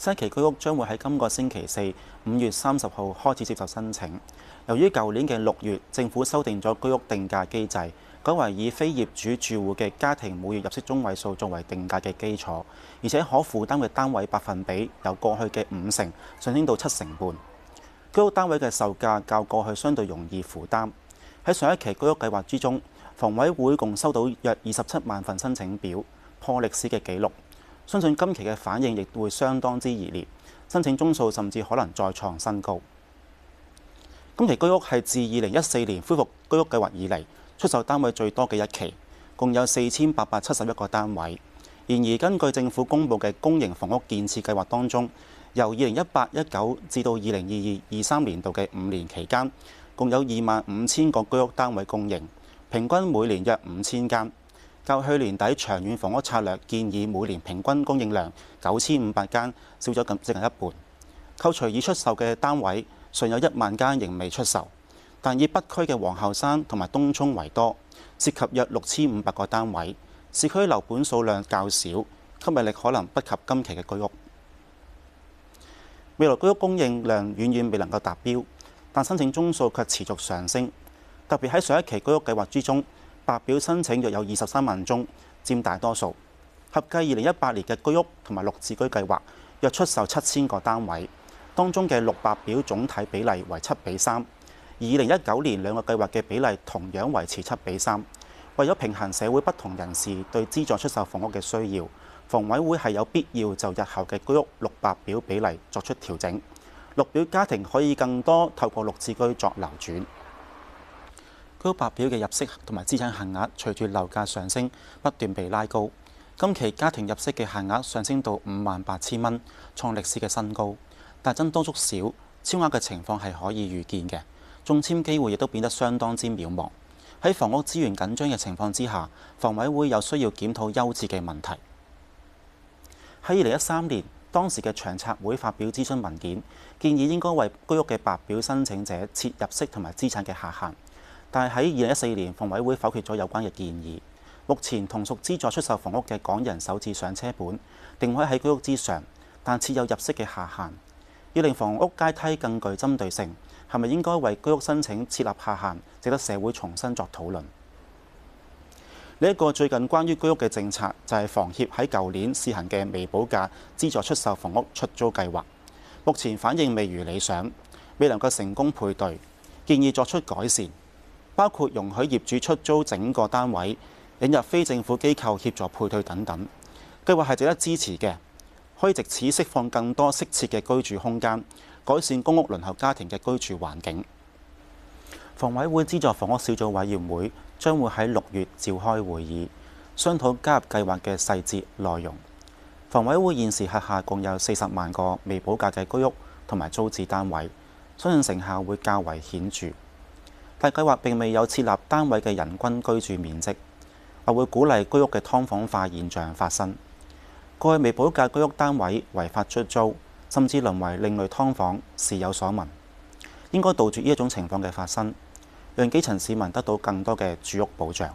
新一期居屋將會喺今個星期四，五月三十號開始接受申請。由於舊年嘅六月，政府修訂咗居屋定價機制，改為以非業主住戶嘅家庭每月入息中位數作為定價嘅基礎，而且可負擔嘅單位百分比由過去嘅五成上升到七成半。居屋單位嘅售價較過去相對容易負擔。喺上一期居屋計劃之中，房委會共收到約二十七萬份申請表，破歷史嘅紀錄。相信今期嘅反應亦會相當之熱烈，申請宗數甚至可能再創新高。今期居屋係自二零一四年恢復居，居屋計劃以嚟出售單位最多嘅一期，共有四千八百七十一個單位。然而根據政府公布嘅公營房屋建設計劃當中，由二零一八一九至到二零二二二三年度嘅五年期間，共有二萬五千個居屋單位供應，平均每年約五千間。較去年底長遠房屋策略建議，每年平均供應量九千五百間，少咗近接近一半。扣除已出售嘅單位，尚有一萬間仍未出售，但以北區嘅皇后山同埋東涌為多，涉及約六千五百個單位。市區樓盤數量較少，吸引力可能不及今期嘅居屋。未來居屋供應量遠遠未能夠達標，但申請宗數卻持續上升，特別喺上一期居屋計劃之中。白表申請約有二十三萬宗，佔大多數。合計二零一八年嘅居屋同埋綠置居計劃，約出售七千個單位，當中嘅綠白表總體比例為七比三。而二零一九年兩個計劃嘅比例同樣維持七比三。為咗平衡社會不同人士對資助出售房屋嘅需要，房委會係有必要就日後嘅居屋綠白表比例作出調整。綠表家庭可以更多透過綠置居作流轉。居屋白表嘅入息同埋資產限額，隨住樓價上升不斷被拉高。今期家庭入息嘅限額上升到五萬八千蚊，創歷史嘅新高，但僧多粥少，超額嘅情況係可以預見嘅，中籤機會亦都變得相當之渺茫。喺房屋資源緊張嘅情況之下，房委會有需要檢討優置嘅問題。喺二零一三年，當時嘅長策會發表諮詢文件，建議應該為居屋嘅白表申請者設入息同埋資產嘅下限。但係喺二零一四年，房委會否決咗有關嘅建議。目前同屬資助出售房屋嘅港人首次上車本定位喺居屋之上，但設有入息嘅下限，要令房屋階梯更具針對性，係咪應該為居屋申請設立下限？值得社會重新作討論。呢一個最近關於居屋嘅政策就係、是、房協喺舊年試行嘅未補價資助出售房屋出租計劃，目前反應未如理想，未能夠成功配對，建議作出改善。包括容許業主出租整個單位、引入非政府機構協助配對等等，計劃係值得支持嘅，可以藉此釋放更多適切嘅居住空間，改善公屋輪候家庭嘅居住環境。房委會資助房屋小組委員會將會喺六月召開會議，商討加入計劃嘅細節內容。房委會現時轄下共有四十萬個未補價嘅居屋同埋租置單位，相信成效會較為顯著。法計劃並未有設立單位嘅人均居住面積，或會鼓勵居屋嘅㓥房化現象發生。過去未補價居屋單位違法出租，甚至淪為另類㓥房，事有所聞。應該杜絕呢一種情況嘅發生，讓基層市民得到更多嘅住屋保障。